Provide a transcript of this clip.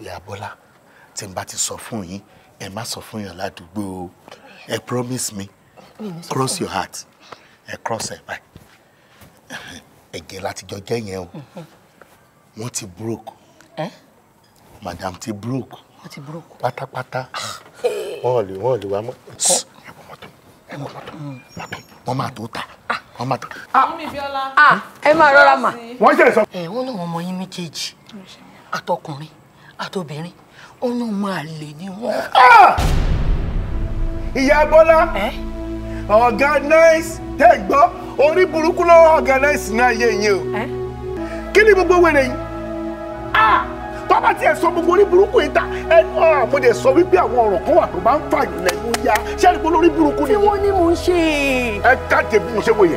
ìyá Bọ́lá tí n bá ti sọ fún yín ẹ má sọ fún yàn ládùúgbò o ẹ promise me cross your heart ẹ cross ẹ báyìí ẹ̀gẹ́ látijọ́ jẹ́ yẹn o mhm. wọ́n ti broke madam ti broke pátápátá ah. wọn ò lè wọn ò lè wá mọ́ ẹ wọ mọ́tò ẹ wọ mọ́tò mm. mọ́tò wọ́n máa tó ta ah. wọ́n máa tó. Ah. mọ́mí Bíọ́lá ẹ máa rọra mà. wọ́n ṣe sọ. ẹ wọ́n lọ́wọ́ ọmọ yín méjèèjì àtọkùnrin àtobìnrin oyún máa lè ní wọn. Ah! ìyá bọ́lá organize tẹ́ gbọ́ orí burúkú lọ́wọ́ organize náà yé yín o kí ni gbogbo wẹ̀rẹ̀ yìí bàbá ah! tí ẹ sọ gbogbo orí burúkú yìí ta ẹnu ọ̀rọ̀ mo dẹ̀ sọ wípé àwọn ọ̀rọ̀ kan wà tó máa ń fààyàn lẹ́nu ya ṣé ẹni pé burúkú ni. tí wọ́n ní mò ń ṣe. ẹ káàdì mo ṣe wòye.